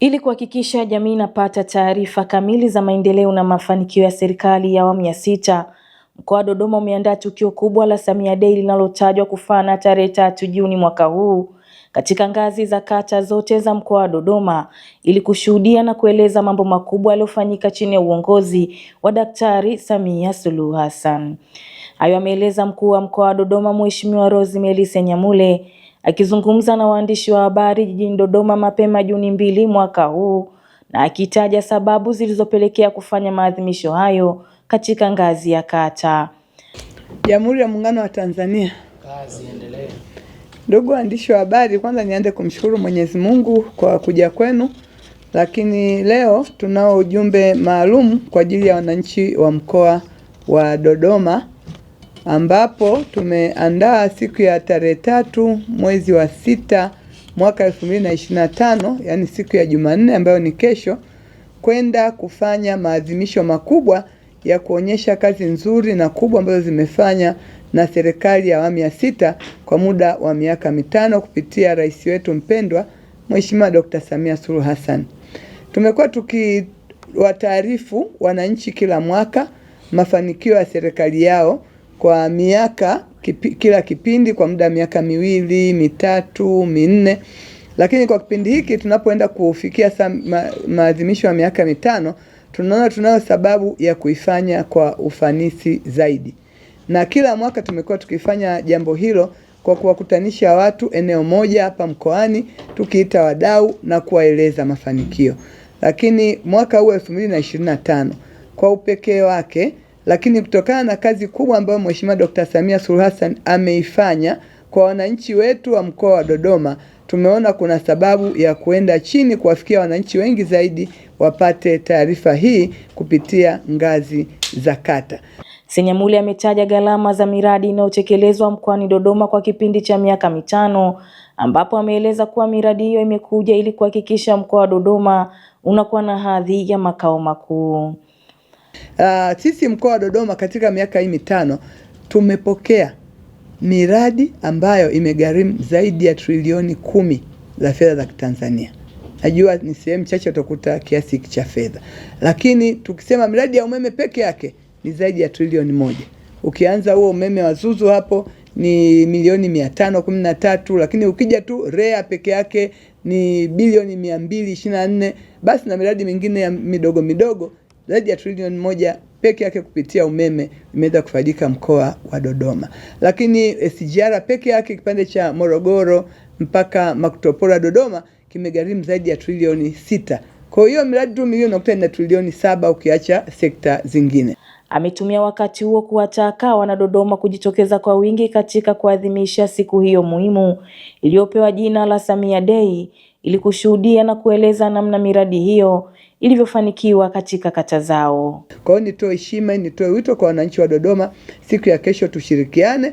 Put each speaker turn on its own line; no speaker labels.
Ili kuhakikisha jamii inapata taarifa kamili za maendeleo na mafanikio ya serikali ya awamu ya sita, mkoa wa Dodoma umeandaa tukio kubwa la Samia Day linalotajwa kufana tarehe tatu Juni mwaka huu katika ngazi za kata zote za mkoa wa Dodoma ili kushuhudia na kueleza mambo makubwa yaliyofanyika chini ya uongozi wa Daktari Samia Suluhu Hassan. Hayo ameeleza mkuu wa mkoa wa Dodoma Mheshimiwa Rosemary Senyamule Akizungumza na waandishi wa habari jijini Dodoma mapema Juni mbili mwaka huu na akitaja sababu zilizopelekea kufanya maadhimisho hayo katika ngazi ya kata.
Jamhuri ya Muungano wa Tanzania.
Kazi endelee.
Ndugu waandishi wa habari, kwanza nianze kumshukuru Mwenyezi Mungu kwa kuja kwenu, lakini leo tunao ujumbe maalum kwa ajili ya wananchi wa mkoa wa Dodoma ambapo tumeandaa siku ya tarehe tatu mwezi wa sita mwaka elfu mbili na ishirini na tano yaani siku ya Jumanne ambayo ni kesho, kwenda kufanya maadhimisho makubwa ya kuonyesha kazi nzuri na kubwa ambazo zimefanya na serikali ya awamu ya sita kwa muda wa miaka mitano kupitia rais wetu mpendwa Mheshimiwa Dr. Samia Suluhu Hassan. Tumekuwa tukiwataarifu wananchi kila mwaka mafanikio ya serikali yao kwa miaka kipi, kila kipindi kwa muda wa miaka miwili mitatu minne, lakini kwa kipindi hiki tunapoenda kufikia ma, maadhimisho ya miaka mitano tunaona tunayo sababu ya kuifanya kwa ufanisi zaidi, na kila mwaka tumekuwa tukifanya jambo hilo kwa kuwakutanisha watu eneo moja hapa mkoani, tukiita wadau na kuwaeleza mafanikio. Lakini mwaka huu 2025 kwa upekee wake lakini kutokana na kazi kubwa ambayo Mheshimiwa Dr. Samia Suluhu Hassan ameifanya kwa wananchi wetu wa mkoa wa Dodoma, tumeona kuna sababu ya kuenda chini kuwafikia wananchi wengi zaidi wapate taarifa hii kupitia ngazi za kata.
Senyamule ametaja gharama za miradi inayotekelezwa mkoani Dodoma kwa kipindi cha miaka mitano ambapo ameeleza kuwa miradi hiyo imekuja ili kuhakikisha mkoa wa Dodoma unakuwa na hadhi ya makao makuu.
Uh, sisi mkoa wa Dodoma katika miaka hii mitano tumepokea miradi ambayo imegharimu zaidi ya trilioni kumi za fedha za Kitanzania. Najua ni sehemu chache utakuta kiasi hiki cha fedha, lakini tukisema miradi ya umeme peke yake ni zaidi ya trilioni moja. Ukianza huo umeme wa Zuzu hapo ni milioni mia tano kumi na tatu lakini ukija tu REA peke yake ni bilioni mia mbili ishirini na nne basi na miradi mingine ya midogo midogo zaidi ya trilioni moja peke yake kupitia umeme imeweza kufaidika mkoa wa Dodoma. Lakini eh, SGR peke yake kipande cha Morogoro mpaka Makutopora Dodoma kimegharimu zaidi ya trilioni sita. Kwa hiyo miradi tu milioni unakuta ina trilioni saba ukiacha sekta zingine.
Ametumia wakati huo kuwataka wanadodoma kujitokeza kwa wingi katika kuadhimisha siku hiyo muhimu iliyopewa jina la Samia Day ili kushuhudia na kueleza namna miradi hiyo ilivyofanikiwa katika kata zao.
Kwa hiyo nitoe heshima, nitoe wito kwa wananchi wa Dodoma, siku ya kesho tushirikiane